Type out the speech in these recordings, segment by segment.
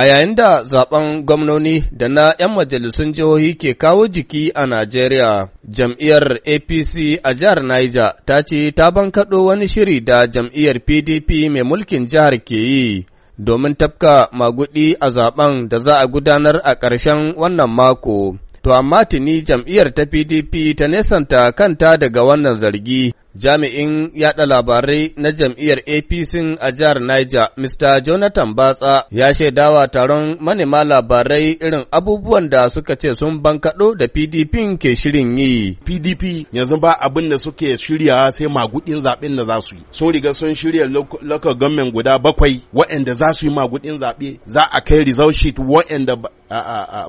A yayin da zaben gwamnoni da na 'yan majalisun jihohi ke kawo jiki a Najeriya, jam'iyyar APC a jihar Niger ta ce ta bankaɗo wani shiri da jam'iyyar PDP mai mulkin jihar ke yi domin tafka magudi a zaben da za a gudanar a ƙarshen wannan mako. To amma tuni jam'iyyar ta PDP ta nesanta kanta daga wannan zargi. Jami'in yaɗa labarai na jam'iyyar APC a jihar Niger, Mr. Jonathan Batsa, ya shaidawa taron manema labarai irin abubuwan da suka ce sun bankaɗo da PDP ke shirin yi. PDP yanzu ba abin da suke shirya sai magudin zaɓen da za su yi. Sun riga sun shirya local government guda bakwai waɗanda za su yi magudin zaɓe, za a kai result sheet waɗanda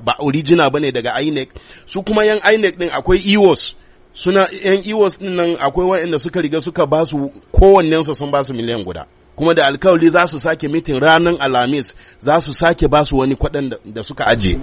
ba original bane daga INEC su kuma yan INEC din akwai EOS suna yan EOS din nan akwai waɗanda suka riga suka basu su sun basu miliyan guda kuma da alkawali za su sake mitin ranar alamis za su sake ba su wani kwaɗan da suka aje.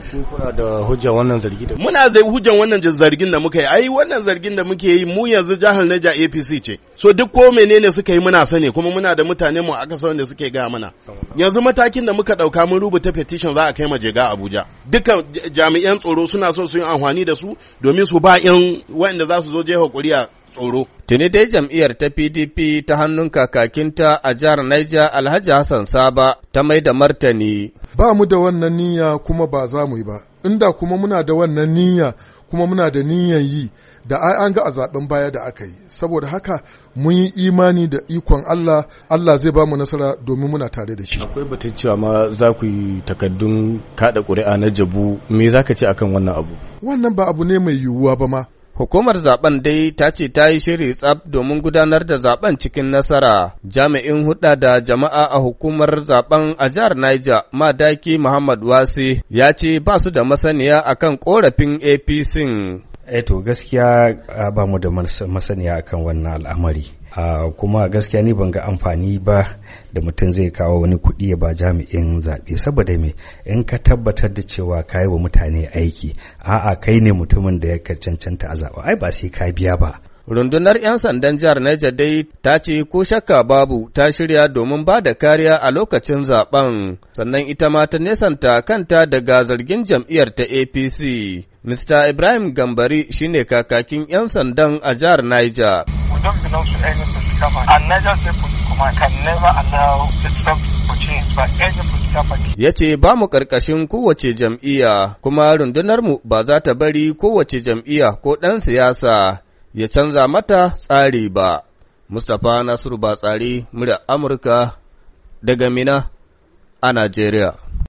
wannan da muna da hujjan wannan zargin da muka yi ai wannan zargin da muke yi mu yanzu jihar Niger APC ce so duk ko menene suka yi muna sani kuma muna da mutane mu aka da suke ga mana yanzu matakin da muka ɗauka mun rubuta petition za a kai maje ga Abuja dukkan jami'an tsoro suna so su yi amfani da su domin su ba yan waɗanda za su zo jefa ƙuri'a. tsoro. Tuni dai jam'iyyar ta PDP ta hannun kakakinta a jihar Niger Alhaji Hassan Saba ta mai da martani. Ba mu da wannan niyya kuma ba za mu yi ba. Inda kuma muna da wannan niyya kuma muna da niyyan yi da ai an ga a zaɓen baya da aka yi saboda haka mun yi imani da ikon Allah Allah zai ba mu nasara domin muna tare da shi akwai batun cewa ma za ku yi takaddun kada ƙuri'a na jabu me za ka ce akan wannan abu wannan ba abu ne mai yiwuwa ba ma Hukumar zaben dai ta ce ta yi shiri tsab domin gudanar da zaben cikin nasara. Jami'in Huda da jama'a a hukumar zaben a jihar Niger, Madaki Muhammad Wasi, ya ce ba su da masaniya akan korafin APC. Eh to gaskiya ba mu da masaniya akan wannan al'amari. kuma gaskiya ni ban ga amfani ba da mutum zai kawo wani kuɗi ya ba jami'in zaɓe saboda me in ka tabbatar da cewa ka yi wa mutane aiki a'a kai ne mutumin da ya cancanta a zaɓa ai ba sai ka biya ba Rundunar 'yan sandan jihar Niger dai ta ce ko shakka babu ta shirya domin ba da kariya a lokacin zaben, sannan ita ma ta nesanta kanta daga zargin jam'iyyar ta APC. Mr. Ibrahim Gambari shine kakakin 'yan sandan a jihar Niger. who don't Ya ce ba mu ƙarƙashin kowace jam'iyya kuma rundunar mu ba za ta bari kowace jam'iyya ko ɗan siyasa ya canza mata tsari ba. Mustapha Nasiru Batsari, murya Amurka daga Mina a Najeriya.